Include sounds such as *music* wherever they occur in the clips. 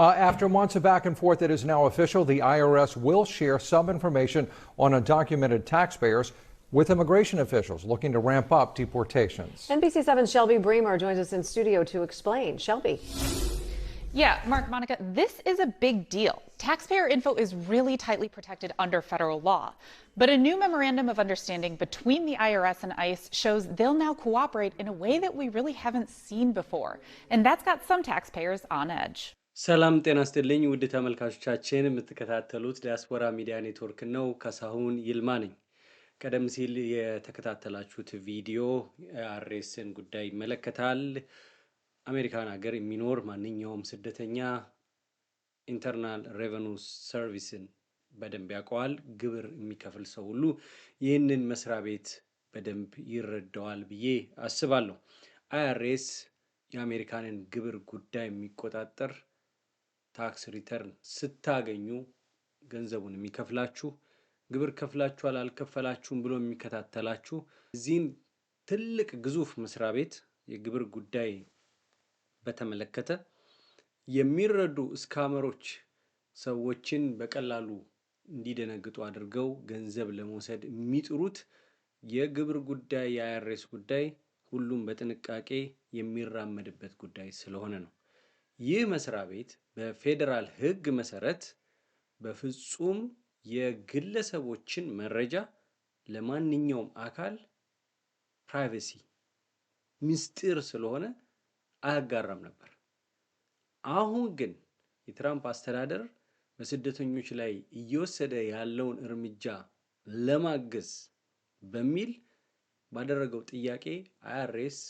Uh, after months of back and forth, it is now official. The IRS will share some information on undocumented taxpayers with immigration officials looking to ramp up deportations. NBC7's Shelby Bremer joins us in studio to explain. Shelby. Yeah, Mark, Monica, this is a big deal. Taxpayer info is really tightly protected under federal law. But a new memorandum of understanding between the IRS and ICE shows they'll now cooperate in a way that we really haven't seen before. And that's got some taxpayers on edge. ሰላም ጤና ስጥልኝ ውድ ተመልካቾቻችን፣ የምትከታተሉት ዲያስፖራ ሚዲያ ኔትወርክ ነው። ካሳሁን ይልማ ነኝ። ቀደም ሲል የተከታተላችሁት ቪዲዮ አርኤስን ጉዳይ ይመለከታል። አሜሪካን ሀገር የሚኖር ማንኛውም ስደተኛ ኢንተርናል ሬቨኑ ሰርቪስን በደንብ ያውቀዋል። ግብር የሚከፍል ሰው ሁሉ ይህንን መስሪያ ቤት በደንብ ይረዳዋል ብዬ አስባለሁ። አይአርኤስ የአሜሪካንን ግብር ጉዳይ የሚቆጣጠር ታክስ ሪተርን ስታገኙ ገንዘቡን የሚከፍላችሁ ግብር ከፍላችኋል አልከፈላችሁም ብሎ የሚከታተላችሁ እዚህን ትልቅ ግዙፍ መስሪያ ቤት የግብር ጉዳይ በተመለከተ የሚረዱ እስካመሮች ሰዎችን በቀላሉ እንዲደነግጡ አድርገው ገንዘብ ለመውሰድ የሚጥሩት የግብር ጉዳይ የአይአርኤስ ጉዳይ ሁሉም በጥንቃቄ የሚራመድበት ጉዳይ ስለሆነ ነው። ይህ መስሪያ ቤት በፌዴራል ሕግ መሰረት በፍጹም የግለሰቦችን መረጃ ለማንኛውም አካል ፕራይቬሲ ምስጢር ስለሆነ አያጋራም ነበር። አሁን ግን የትራምፕ አስተዳደር በስደተኞች ላይ እየወሰደ ያለውን እርምጃ ለማገዝ በሚል ባደረገው ጥያቄ አይአርኤስ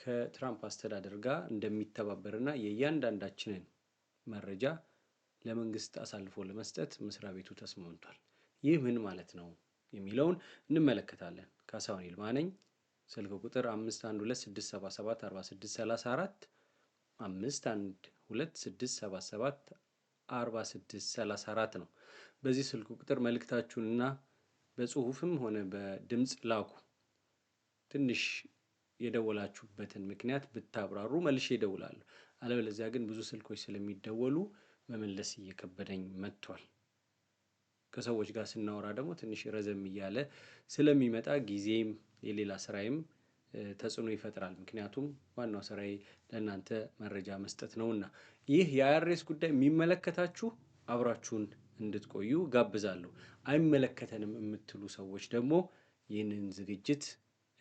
ከትራምፕ አስተዳደር ጋር እንደሚተባበርና የእያንዳንዳችንን መረጃ ለመንግስት አሳልፎ ለመስጠት መስሪያ ቤቱ ተስማምቷል። ይህ ምን ማለት ነው የሚለውን እንመለከታለን። ካሳሁን ይልማ ነኝ። ስልክ ቁጥር 5126774634 512677 4634 ነው። በዚህ ስልክ ቁጥር መልእክታችሁንና በጽሁፍም ሆነ በድምፅ ላኩ። ትንሽ የደወላችሁበትን ምክንያት ብታብራሩ መልሼ ይደውላሉ አለበለዚያ ግን ብዙ ስልኮች ስለሚደወሉ መመለስ እየከበደኝ መጥቷል። ከሰዎች ጋር ስናወራ ደግሞ ትንሽ ረዘም እያለ ስለሚመጣ ጊዜም የሌላ ስራዬም ተጽዕኖ ይፈጥራል። ምክንያቱም ዋናው ስራዬ ለእናንተ መረጃ መስጠት ነውና፣ ይህ የአይአርኤስ ጉዳይ የሚመለከታችሁ አብራችሁን እንድትቆዩ ጋብዛለሁ። አይመለከተንም የምትሉ ሰዎች ደግሞ ይህንን ዝግጅት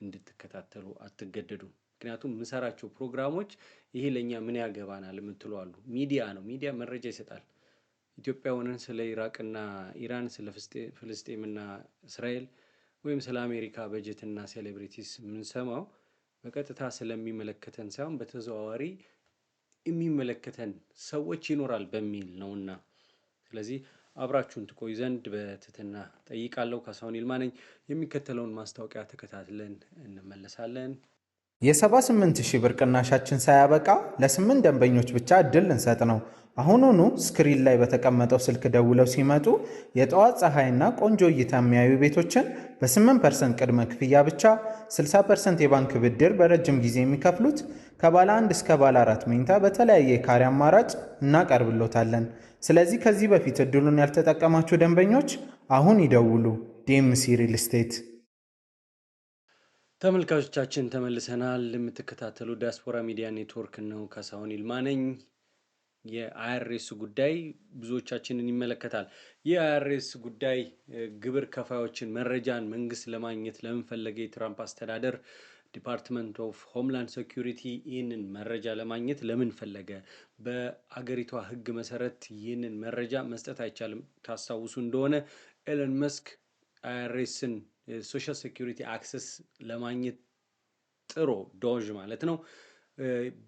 እንድትከታተሉ አትገደዱ ምክንያቱም የምሰራቸው ፕሮግራሞች ይሄ ለእኛ ምን ያገባናል የምትሉ አሉ። ሚዲያ ነው። ሚዲያ መረጃ ይሰጣል። ኢትዮጵያ ሆነን ስለ ኢራቅና ኢራን፣ ስለ ፍልስጤምና እስራኤል ወይም ስለ አሜሪካ በጀትና ሴሌብሪቲስ የምንሰማው በቀጥታ ስለሚመለከተን ሳይሆን በተዘዋዋሪ የሚመለከተን ሰዎች ይኖራል በሚል ነውና ስለዚህ አብራችሁን ትቆይ ዘንድ በትህትና ጠይቃለሁ። ካሳሁን ይልማ ነኝ። የሚከተለውን ማስታወቂያ ተከታትለን እንመለሳለን። የ78000 ብር ቅናሻችን ሳያበቃ ለስምንት ደንበኞች ብቻ እድል እንሰጥ ነው። አሁኑኑ ስክሪን ላይ በተቀመጠው ስልክ ደውለው ሲመጡ የጠዋት ፀሐይና ቆንጆ እይታ የሚያዩ ቤቶችን በ8% ቅድመ ክፍያ ብቻ 60% የባንክ ብድር በረጅም ጊዜ የሚከፍሉት ከባለ አንድ እስከ ባለ አራት መኝታ በተለያየ የካሬ አማራጭ እናቀርብሎታለን። ስለዚህ ከዚህ በፊት እድሉን ያልተጠቀማችሁ ደንበኞች አሁን ይደውሉ። ዴምሲ ሪል ስቴት ተመልካቾቻችን ተመልሰናል። የምትከታተሉ ዲያስፖራ ሚዲያ ኔትወርክ ነው። ካሳሁን ይልማ ነኝ። የአይአርኤስ ጉዳይ ብዙዎቻችንን ይመለከታል። የአይአርኤስ ጉዳይ ግብር ከፋዮችን መረጃን መንግስት ለማግኘት ለምንፈለገ የትራምፕ አስተዳደር ዲፓርትመንት ኦፍ ሆምላንድ ሴኩሪቲ ይህንን መረጃ ለማግኘት ለምን ፈለገ? በአገሪቷ ሕግ መሰረት ይህንን መረጃ መስጠት አይቻልም። ታስታውሱ እንደሆነ ኤለን መስክ አይአርኤስን ሶሻል ሴኩሪቲ አክሰስ ለማግኘት ጥሮ ዶዥ ማለት ነው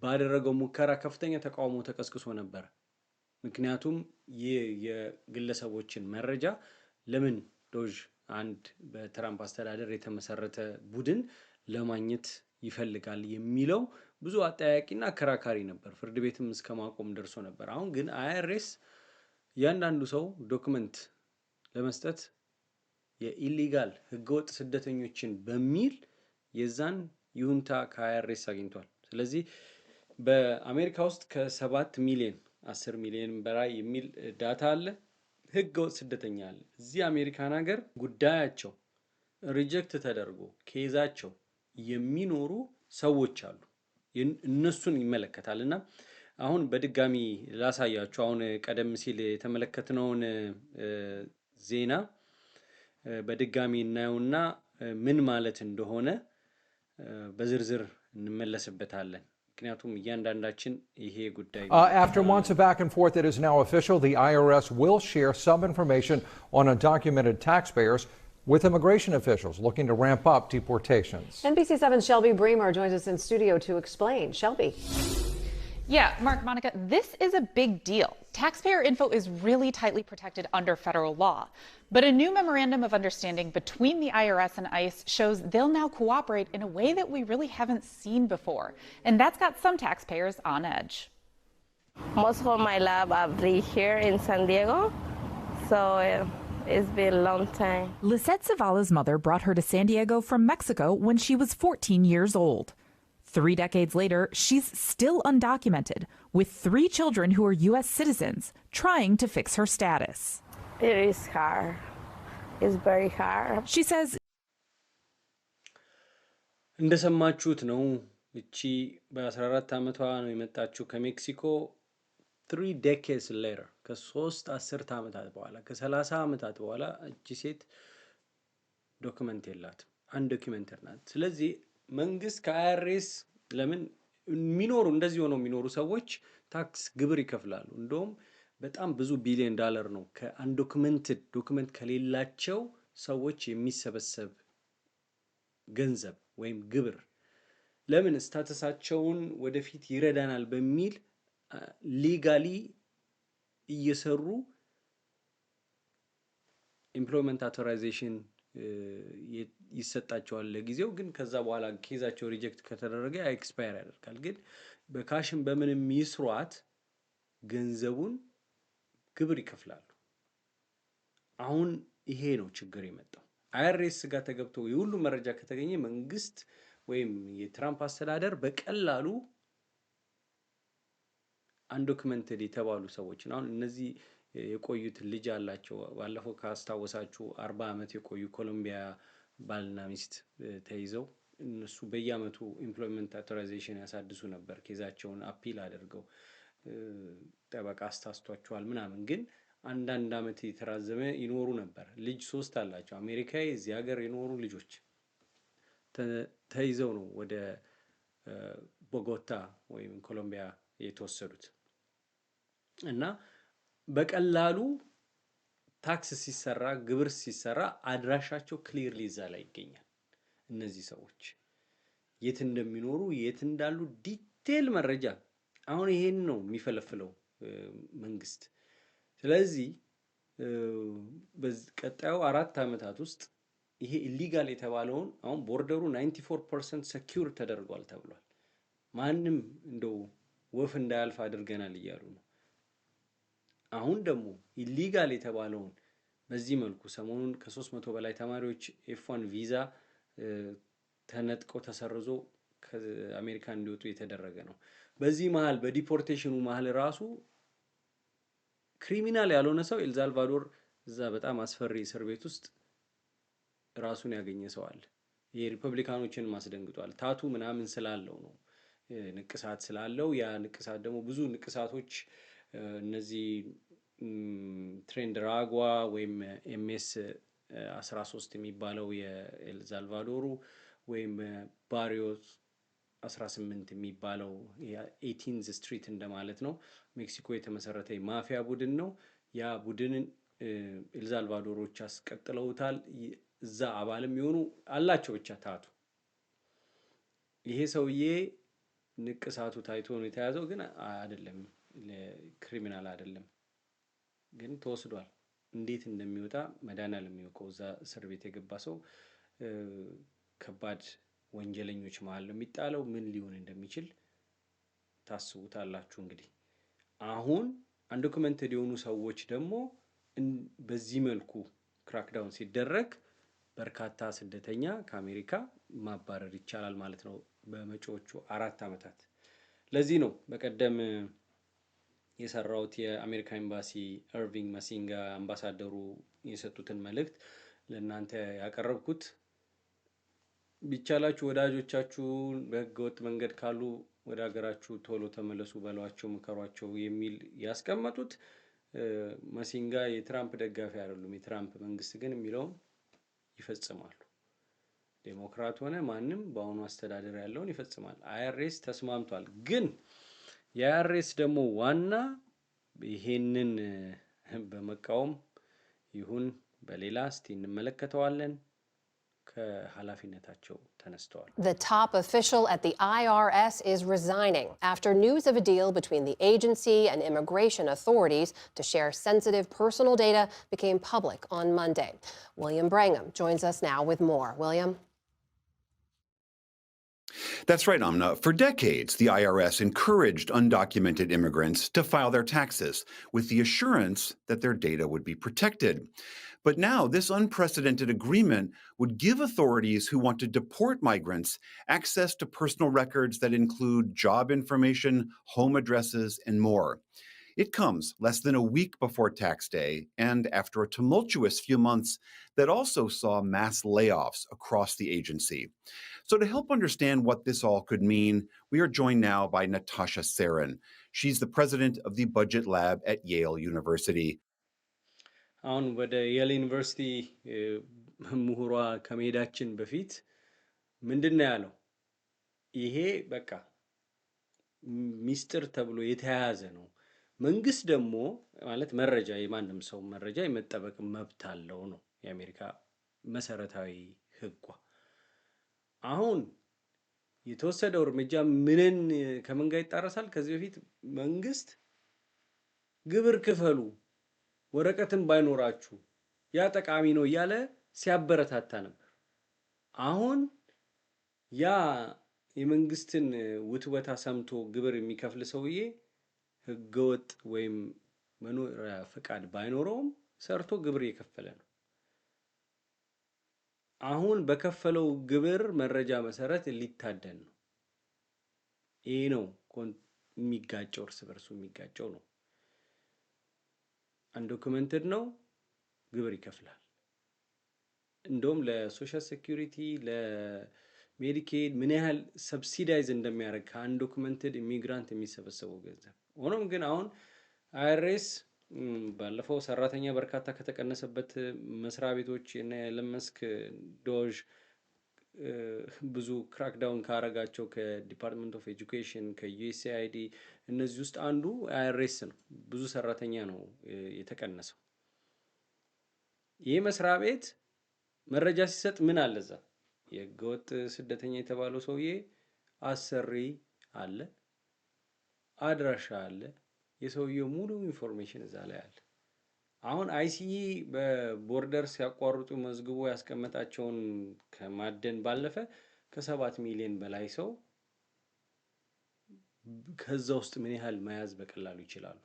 ባደረገው ሙከራ ከፍተኛ ተቃውሞ ተቀስቅሶ ነበር። ምክንያቱም ይህ የግለሰቦችን መረጃ ለምን ዶዥ አንድ በትራምፕ አስተዳደር የተመሰረተ ቡድን ለማግኘት ይፈልጋል የሚለው ብዙ አጠያቂና አከራካሪ ነበር። ፍርድ ቤትም እስከ ማቆም ደርሶ ነበር። አሁን ግን አይአርኤስ እያንዳንዱ ሰው ዶክመንት ለመስጠት የኢሊጋል ህገወጥ ስደተኞችን በሚል የዛን ይሁንታ ከአይአርኤስ አግኝቷል። ስለዚህ በአሜሪካ ውስጥ ከሰባት ሚሊዮን አስር ሚሊዮን በላይ የሚል ዳታ አለ። ህገወጥ ስደተኛ አለ። እዚህ አሜሪካን ሀገር ጉዳያቸው ሪጀክት ተደርጎ ኬዛቸው የሚኖሩ ሰዎች አሉ። እነሱን ይመለከታል እና አሁን በድጋሚ ላሳያችሁ። አሁን ቀደም ሲል የተመለከትነውን ዜና በድጋሚ እናየውና ምን ማለት እንደሆነ በዝርዝር እንመለስበታለን። uh, after months of back and forth, it is now official. The IRS will share some information on undocumented taxpayers with immigration officials looking to ramp up deportations. NBC7's Shelby Bremer joins us in studio to explain. Shelby. Yeah, Mark, Monica, this is a big deal taxpayer info is really tightly protected under federal law. But a new memorandum of understanding between the IRS and ICE shows they'll now cooperate in a way that we really haven't seen before. And that's got some taxpayers on edge. Most of my lab I've been here in San Diego. So. Uh, it's been a long time. Lisette Zavala's mother brought her to San Diego from Mexico when she was 14 years old. Three decades later, she's still undocumented, with three children who are U.S. citizens trying to fix her status. It is hard. It's very hard. She says. እንደሰማችሁት ነው። እቺ በ14 ዓመቷ ነው የመጣችው ከሜክሲኮ ትሪ ዴኬስ ሌተር ከሶስት አስርት ዓመታት በኋላ ከሰላሳ ዓመታት በኋላ እቺ ሴት ዶክመንት የላት አንድ ዶክመንተር ናት። ስለዚህ መንግስት ከአይአርኤስ ለምን የሚኖሩ እንደዚህ ሆነው የሚኖሩ ሰዎች ታክስ ግብር ይከፍላሉ። እንደውም በጣም ብዙ ቢሊዮን ዳለር ነው ከአንዶክመንትድ ዶክመንት ከሌላቸው ሰዎች የሚሰበሰብ ገንዘብ ወይም ግብር። ለምን ስታተሳቸውን ወደፊት ይረዳናል በሚል ሊጋሊ እየሰሩ ኢምፕሎይመንት አውቶራይዜሽን ይሰጣቸዋል ለጊዜው ግን ከዛ በኋላ ኬዛቸው ሪጀክት ከተደረገ ኤክስፓየር ያደርጋል። ግን በካሽን በምንም ይስሯት ገንዘቡን ግብር ይከፍላሉ። አሁን ይሄ ነው ችግር የመጣው። አይአርኤስ ጋር ተገብቶ የሁሉ መረጃ ከተገኘ መንግስት ወይም የትራምፕ አስተዳደር በቀላሉ አንዶክመንትድ የተባሉ ሰዎችን አሁን እነዚህ የቆዩት ልጅ አላቸው። ባለፈው ካስታወሳችሁ አርባ ዓመት የቆዩ ኮሎምቢያ ባልና ሚስት ተይዘው እነሱ በየአመቱ ኢምፕሎይመንት አውቶራይዜሽን ያሳድሱ ነበር። ኬዛቸውን አፒል አድርገው ጠበቃ አስታስቷቸዋል ምናምን፣ ግን አንዳንድ አመት የተራዘመ ይኖሩ ነበር። ልጅ ሶስት አላቸው። አሜሪካዊ እዚህ ሀገር የኖሩ ልጆች ተይዘው ነው ወደ ቦጎታ ወይም ኮሎምቢያ የተወሰዱት እና በቀላሉ ታክስ ሲሰራ ግብር ሲሰራ አድራሻቸው ክሊርሊ እዛ ላይ ይገኛል። እነዚህ ሰዎች የት እንደሚኖሩ የት እንዳሉ ዲቴል መረጃ አሁን ይሄን ነው የሚፈለፍለው መንግስት። ስለዚህ ቀጣዩ አራት ዓመታት ውስጥ ይሄ ኢሊጋል የተባለውን አሁን ቦርደሩ 94 ፐርሰንት ሰኪውር ተደርጓል ተብሏል። ማንም እንደው ወፍ እንዳያልፍ አድርገናል እያሉ ነው። አሁን ደግሞ ኢሊጋል የተባለውን በዚህ መልኩ ሰሞኑን ከሶስት መቶ በላይ ተማሪዎች ኤፍዋን ቪዛ ተነጥቆ ተሰርዞ ከአሜሪካ እንዲወጡ የተደረገ ነው። በዚህ መሀል በዲፖርቴሽኑ መሀል ራሱ ክሪሚናል ያልሆነ ሰው ኤልዛልቫዶር እዛ በጣም አስፈሪ እስር ቤት ውስጥ ራሱን ያገኘ ሰው አለ። ይሄ ማስደንግጧል። ታቱ ምናምን ስላለው ነው፣ ንቅሳት ስላለው ያ ንቅሳት ደግሞ ብዙ ንቅሳቶች እነዚህ ትሬንድ ራጓ ወይም ኤምኤስ 13 የሚባለው የኤልዛልቫዶሩ ወይም ባሪዮስ 18 የሚባለው የኤቲንዝ ስትሪት እንደማለት ነው። ሜክሲኮ የተመሰረተ የማፊያ ቡድን ነው። ያ ቡድንን ኤልዛልቫዶሮች አስቀጥለውታል። እዛ አባልም የሆኑ አላቸው ብቻ ታቱ። ይሄ ሰውዬ ንቅሳቱ ታይቶ ነው የተያዘው፣ ግን አይደለም። ክሪሚናል አይደለም፣ ግን ተወስዷል። እንዴት እንደሚወጣ መዳና የሚያውቀው። እዛ እስር ቤት የገባ ሰው ከባድ ወንጀለኞች መሀል ነው የሚጣለው። ምን ሊሆን እንደሚችል ታስቡታላችሁ። እንግዲህ አሁን አንዶክመንትድ የሆኑ ሰዎች ደግሞ በዚህ መልኩ ክራክዳውን ሲደረግ በርካታ ስደተኛ ከአሜሪካ ማባረር ይቻላል ማለት ነው በመጪዎቹ አራት ዓመታት። ለዚህ ነው በቀደም የሰራሁት የአሜሪካ ኤምባሲ ኤርቪንግ መሲንጋ አምባሳደሩ የሰጡትን መልእክት ለእናንተ ያቀረብኩት። ቢቻላችሁ ወዳጆቻችሁን በህገወጥ መንገድ ካሉ ወደ ሀገራችሁ ቶሎ ተመለሱ በሏቸው፣ ምከሯቸው የሚል ያስቀመጡት። መሲንጋ የትራምፕ ደጋፊ አይደሉም። የትራምፕ መንግስት ግን የሚለውን ይፈጽማሉ። ዴሞክራት ሆነ ማንም በአሁኑ አስተዳደር ያለውን ይፈጽማል። አይአርኤስ ተስማምቷል ግን የአርኤስ ደግሞ ዋና ይሄንን በመቃወም ይሁን በሌላ እስቲ እንመለከተዋለን። The top official at the IRS is resigning after news of a deal between the agency and immigration authorities to share sensitive personal data became public on Monday. William Brangham joins us now with more. William? That's right, Amna. For decades, the IRS encouraged undocumented immigrants to file their taxes with the assurance that their data would be protected. But now, this unprecedented agreement would give authorities who want to deport migrants access to personal records that include job information, home addresses, and more. It comes less than a week before tax day and after a tumultuous few months that also saw mass layoffs across the agency. So, to help understand what this all could mean, we are joined now by Natasha Sarin. She's the president of the Budget Lab at Yale University. አሁን ወደ የል ዩኒቨርሲቲ *laughs* ምሁሯ ከመሄዳችን በፊት ምንድን ነው ያለው? ይሄ በቃ ሚስጥር ተብሎ የተያያዘ ነው። መንግስት ደግሞ ማለት መረጃ የማንም ሰው መረጃ የመጠበቅ መብት አለው ነው የአሜሪካ መሰረታዊ ህጓ። አሁን የተወሰደው እርምጃ ምንን ከምን ጋር ይጣረሳል? ከዚህ በፊት መንግስት ግብር ክፈሉ ወረቀትን ባይኖራችሁ ያ ጠቃሚ ነው እያለ ሲያበረታታ ነበር። አሁን ያ የመንግስትን ውትወታ ሰምቶ ግብር የሚከፍል ሰውዬ ህገወጥ ወይም መኖሪያ ፈቃድ ባይኖረውም ሰርቶ ግብር የከፈለ ነው። አሁን በከፈለው ግብር መረጃ መሰረት ሊታደን ነው። ይህ ነው የሚጋጨው፣ እርስ በርሱ የሚጋጨው ነው። አንዶክመንትድ ነው፣ ግብር ይከፍላል። እንደውም ለሶሻል ሴኪሪቲ ለሜዲኬድ ምን ያህል ሰብሲዳይዝ እንደሚያደርግ ከአንዶክመንትድ ኢሚግራንት የሚሰበሰበው ገንዘብ ሆኖም ግን አሁን አይሬስ ባለፈው ሰራተኛ በርካታ ከተቀነሰበት መስሪያ ቤቶች እና የኤለን መስክ ዶዥ ብዙ ክራክዳውን ካረጋቸው ከዲፓርትመንት ኦፍ ኤጁኬሽን ከዩኤስአይዲ እነዚህ ውስጥ አንዱ አይሬስ ነው። ብዙ ሰራተኛ ነው የተቀነሰው። ይህ መስሪያ ቤት መረጃ ሲሰጥ ምን አለዛ የህገወጥ ስደተኛ የተባለው ሰውዬ አሰሪ አለ፣ አድራሻ አለ የሰውየው ሙሉ ኢንፎርሜሽን እዛ ላይ አለ። አሁን አይሲኢ በቦርደር ሲያቋርጡ መዝግቦ ያስቀመጣቸውን ከማደን ባለፈ ከሰባት ሚሊዮን በላይ ሰው ከዛ ውስጥ ምን ያህል መያዝ በቀላሉ ይችላሉ።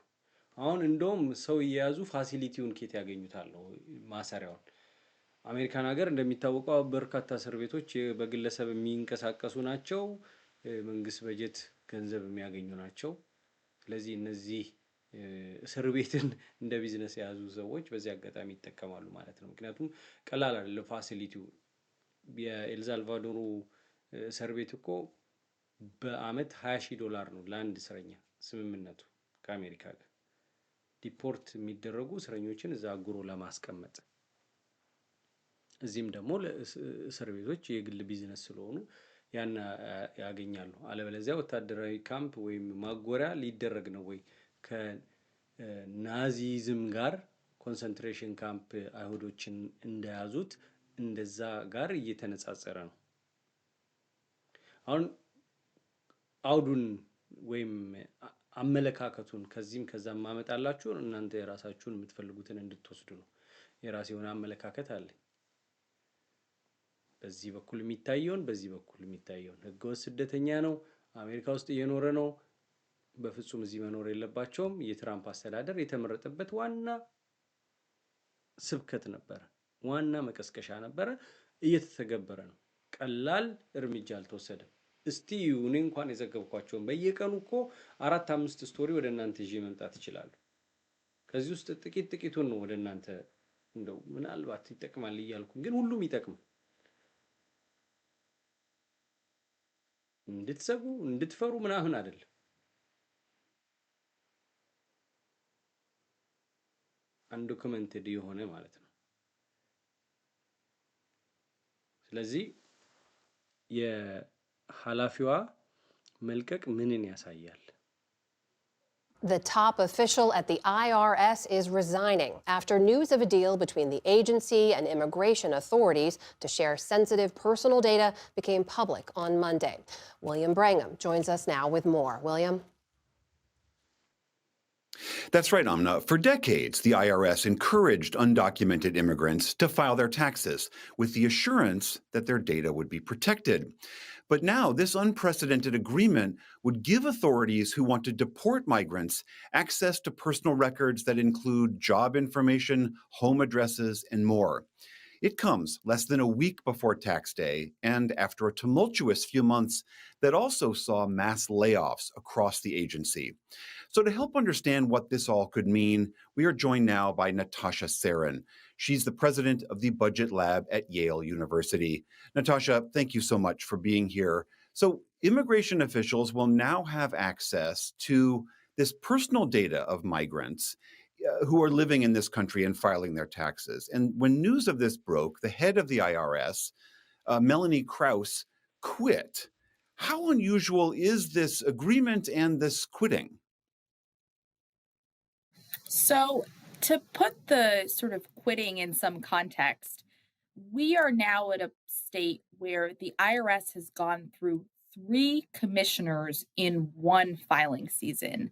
አሁን እንደውም ሰው እየያዙ ፋሲሊቲውን ኬት ያገኙታለሁ ማሰሪያውን አሜሪካን ሀገር እንደሚታወቀው በርካታ እስር ቤቶች በግለሰብ የሚንቀሳቀሱ ናቸው። መንግስት በጀት ገንዘብ የሚያገኙ ናቸው። ስለዚህ እነዚህ እስር ቤትን *laughs* እንደ ቢዝነስ የያዙ ሰዎች በዚህ አጋጣሚ ይጠቀማሉ ማለት ነው። ምክንያቱም ቀላል አለ ፋሲሊቲው። የኤልሳልቫዶሩ እስር ቤት እኮ በአመት 20 ሺህ ዶላር ነው ለአንድ እስረኛ ስምምነቱ ከአሜሪካ ጋር ዲፖርት የሚደረጉ እስረኞችን እዛ አጉሮ ለማስቀመጥ። እዚህም ደግሞ እስር ቤቶች የግል ቢዝነስ ስለሆኑ ያን ያገኛሉ። አለበለዚያ ወታደራዊ ካምፕ ወይም ማጎሪያ ሊደረግ ነው ወይ ከናዚዝም ጋር ኮንሰንትሬሽን ካምፕ አይሁዶችን እንደያዙት እንደዛ ጋር እየተነጻጸረ ነው። አሁን አውዱን ወይም አመለካከቱን ከዚህም ከዛም ማመጣላችሁ እናንተ የራሳችሁን የምትፈልጉትን እንድትወስዱ ነው። የራሴ የሆነ አመለካከት አለኝ። በዚህ በኩል የሚታየውን በዚህ በኩል የሚታየውን ህገወጥ ስደተኛ ነው፣ አሜሪካ ውስጥ እየኖረ ነው፣ በፍጹም እዚህ መኖር የለባቸውም። የትራምፕ አስተዳደር የተመረጠበት ዋና ስብከት ነበረ፣ ዋና መቀስቀሻ ነበረ። እየተተገበረ ነው። ቀላል እርምጃ አልተወሰደም። እስቲ እኔ እንኳን የዘገብኳቸውን በየቀኑ እኮ አራት አምስት ስቶሪ ወደ እናንተ ይዤ መምጣት ይችላሉ። ከዚህ ውስጥ ጥቂት ጥቂቱን ነው ወደ እናንተ እንደው ምናልባት ይጠቅማል እያልኩ ግን ሁሉም ይጠቅማል። እንድትሰጉ እንድትፈሩ ምናምን አይደለም። አንዶክመንትድ የሆነ ማለት ነው። ስለዚህ የኃላፊዋ መልቀቅ ምንን ያሳያል? The top official at the IRS is resigning after news of a deal between the agency and immigration authorities to share sensitive personal data became public on Monday. William Brangham joins us now with more. William? That's right, Amna. For decades, the IRS encouraged undocumented immigrants to file their taxes with the assurance that their data would be protected. But now, this unprecedented agreement would give authorities who want to deport migrants access to personal records that include job information, home addresses, and more. It comes less than a week before tax day and after a tumultuous few months that also saw mass layoffs across the agency. So, to help understand what this all could mean, we are joined now by Natasha Sarin. She's the president of the Budget Lab at Yale University. Natasha, thank you so much for being here. So, immigration officials will now have access to this personal data of migrants uh, who are living in this country and filing their taxes. And when news of this broke, the head of the IRS, uh, Melanie Krause, quit. How unusual is this agreement and this quitting? So to put the sort of quitting in some context, we are now at a state where the IRS has gone through three commissioners in one filing season.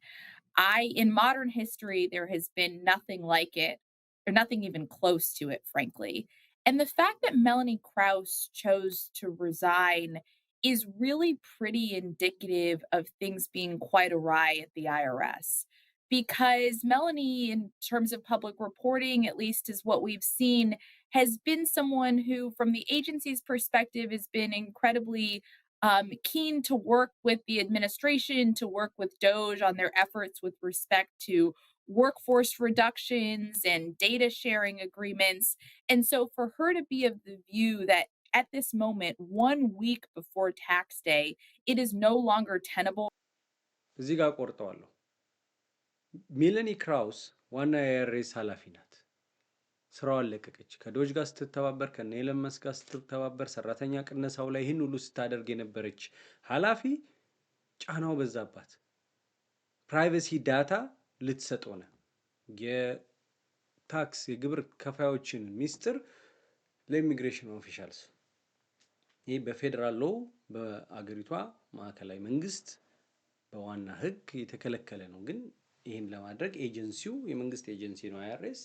I, in modern history, there has been nothing like it, or nothing even close to it, frankly. And the fact that Melanie Krauss chose to resign is really pretty indicative of things being quite awry at the IRS because Melanie, in terms of public reporting, at least is what we've seen, has been someone who, from the agency's perspective, has been incredibly um, keen to work with the administration, to work with DOGE on their efforts with respect to workforce reductions and data sharing agreements. And so, for her to be of the view that at this moment, one week before tax day, it is no longer tenable. ዜጋ ቆርጠዋለሁ ሜለኒ ክራውስ ዋና የአይአርኤስ ኃላፊ ናት። ስራዋን ለቀቀች። ከዶጅ ጋር ስትተባበር፣ ከነ ኤለን መስክ ጋር ስትተባበር፣ ሰራተኛ ቅነሳው ላይ ይህን ሁሉ ስታደርግ የነበረች ኃላፊ ጫናው በዛባት። ፕራይቬሲ ዳታ ልትሰጥ ሆነ። የታክስ የግብር ከፋዮችን ሚስጥር ለኢሚግሬሽን ኦፊሻልስ። ይህ በፌዴራል ሎው በአገሪቷ ማዕከላዊ መንግስት በዋና ህግ የተከለከለ ነው ግን ይህን ለማድረግ ኤጀንሲው የመንግስት ኤጀንሲ ነው አይአርኤስ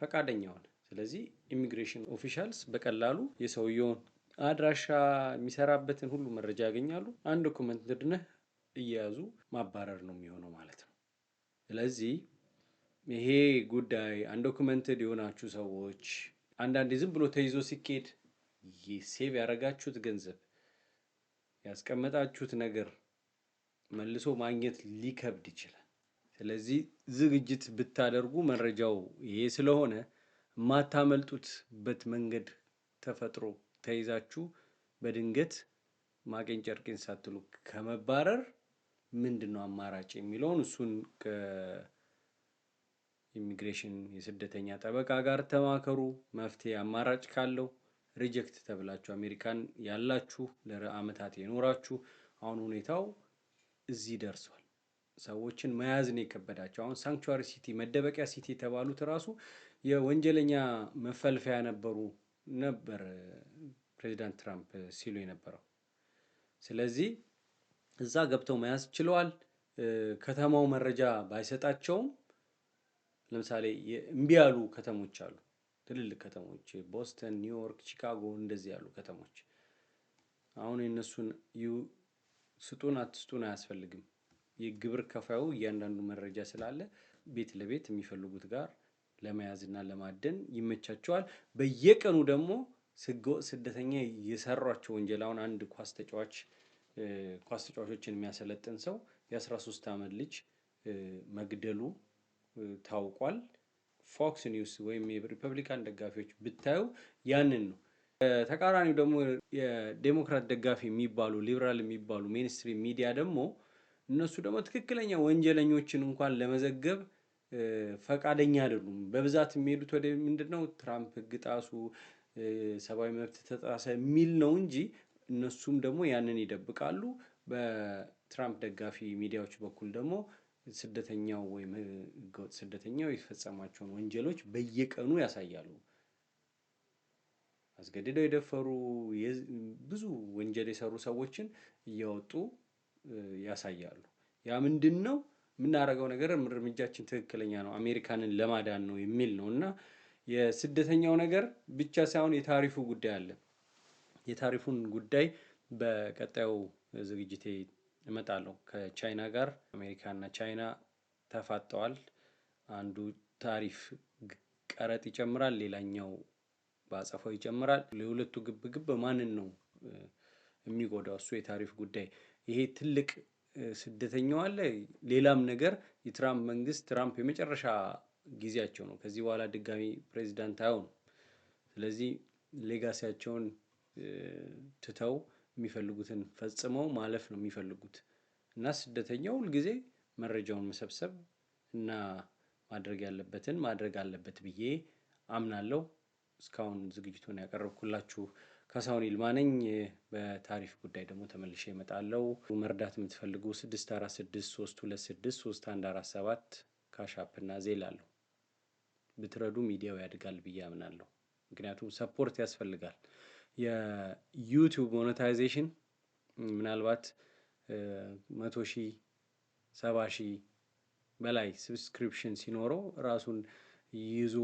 ፈቃደኛ ሆነ። ስለዚህ ኢሚግሬሽን ኦፊሻልስ በቀላሉ የሰውየውን አድራሻ የሚሰራበትን ሁሉ መረጃ ያገኛሉ። አንድ ዶኩመንት ድድነህ እየያዙ ማባረር ነው የሚሆነው ማለት ነው። ስለዚህ ይሄ ጉዳይ አንዶክመንትድ የሆናችሁ ሰዎች አንዳንዴ ዝም ብሎ ተይዞ ሲኬድ ሴቭ ያደረጋችሁት ገንዘብ ያስቀመጣችሁት ነገር መልሶ ማግኘት ሊከብድ ይችላል። ስለዚህ ዝግጅት ብታደርጉ መረጃው ይሄ ስለሆነ የማታመልጡትበት መንገድ ተፈጥሮ ተይዛችሁ በድንገት ማቄን ጨርቄን ሳትሉ ከመባረር ምንድን ነው አማራጭ የሚለውን እሱን ከኢሚግሬሽን የስደተኛ ጠበቃ ጋር ተማከሩ። መፍትሄ አማራጭ ካለው ሪጀክት ተብላችሁ አሜሪካን ያላችሁ ለአመታት የኖራችሁ አሁን ሁኔታው እዚህ ደርሷል። ሰዎችን መያዝ ነው የከበዳቸው። አሁን ሳንክቹዋሪ ሲቲ መደበቂያ ሲቲ የተባሉት ራሱ የወንጀለኛ መፈልፈያ ነበሩ ነበር ፕሬዚዳንት ትራምፕ ሲሉ የነበረው። ስለዚህ እዛ ገብተው መያዝ ችለዋል። ከተማው መረጃ ባይሰጣቸውም ለምሳሌ እምቢ ያሉ ከተሞች አሉ፣ ትልልቅ ከተሞች ቦስተን፣ ኒውዮርክ፣ ቺካጎ እንደዚህ ያሉ ከተሞች አሁን የነሱን ስጡን አትስጡን አያስፈልግም። የግብር ከፋዩ እያንዳንዱ መረጃ ስላለ ቤት ለቤት የሚፈልጉት ጋር ለመያዝና ለማደን ይመቻቸዋል። በየቀኑ ደግሞ ህገወጥ ስደተኛ የሰሯቸው ወንጀል አሁን አንድ ኳስ ተጫዋች ኳስ ተጫዋቾችን የሚያሰለጥን ሰው የ13 ዓመት ልጅ መግደሉ ታውቋል። ፎክስ ኒውስ ወይም የሪፐብሊካን ደጋፊዎች ብታዩ ያንን ነው። ተቃራኒው ደግሞ የዴሞክራት ደጋፊ የሚባሉ ሊብራል የሚባሉ ሜንስትሪም ሚዲያ ደግሞ እነሱ ደግሞ ትክክለኛ ወንጀለኞችን እንኳን ለመዘገብ ፈቃደኛ አይደሉም። በብዛት የሚሄዱት ወደ ምንድነው ትራምፕ ህግ ጣሱ፣ ሰብአዊ መብት ተጣሰ የሚል ነው እንጂ እነሱም ደግሞ ያንን ይደብቃሉ። በትራምፕ ደጋፊ ሚዲያዎች በኩል ደግሞ ስደተኛው ወይም ህገወጥ ስደተኛው የፈጸማቸውን ወንጀሎች በየቀኑ ያሳያሉ። አስገድደው የደፈሩ ብዙ ወንጀል የሰሩ ሰዎችን እያወጡ ያሳያሉ። ያ ምንድን ነው? የምናደርገው ነገር እርምጃችን ትክክለኛ ነው፣ አሜሪካንን ለማዳን ነው የሚል ነው እና የስደተኛው ነገር ብቻ ሳይሆን የታሪፉ ጉዳይ አለ። የታሪፉን ጉዳይ በቀጣዩ ዝግጅቴ እመጣለሁ። ከቻይና ጋር አሜሪካና ቻይና ተፋጠዋል። አንዱ ታሪፍ ቀረጥ ይጨምራል፣ ሌላኛው በአጸፋው ይጀምራል። ለሁለቱ ግብግብ ማንን ነው የሚጎዳው? እሱ የታሪፍ ጉዳይ ይሄ ትልቅ ስደተኛው አለ። ሌላም ነገር የትራምፕ መንግስት ትራምፕ የመጨረሻ ጊዜያቸው ነው። ከዚህ በኋላ ድጋሚ ፕሬዚዳንት አይሆኑም። ስለዚህ ሌጋሲያቸውን ትተው የሚፈልጉትን ፈጽመው ማለፍ ነው የሚፈልጉት እና ስደተኛው ሁልጊዜ መረጃውን መሰብሰብ እና ማድረግ ያለበትን ማድረግ አለበት ብዬ አምናለሁ። እስካሁን ዝግጅቱን ያቀረብኩላችሁ ካሳሁን ይልማ ነኝ። በታሪፍ ጉዳይ ደግሞ ተመልሼ እመጣለሁ። መርዳት የምትፈልጉ 6463263147 ካሻፕና ዜል አለሁ። ብትረዱ ሚዲያው ያድጋል ብዬ አምናለሁ። ምክንያቱም ሰፖርት ያስፈልጋል። የዩቲዩብ ሞኔታይዜሽን ምናልባት መቶ ሺህ ሰባ ሺህ በላይ ሰብስክሪፕሽን ሲኖረው ራሱን ይዞ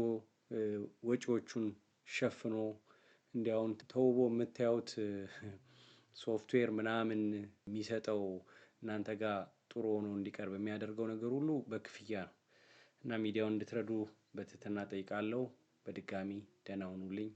ወጪዎቹን ሸፍኖ እንዲያውም ተውቦ የምታዩት ሶፍትዌር ምናምን የሚሰጠው እናንተ ጋር ጥሩ ሆኖ እንዲቀርብ የሚያደርገው ነገር ሁሉ በክፍያ ነው። እና ሚዲያውን እንድትረዱ በትህትና ጠይቃለው በድጋሚ ደህና ሁኑልኝ።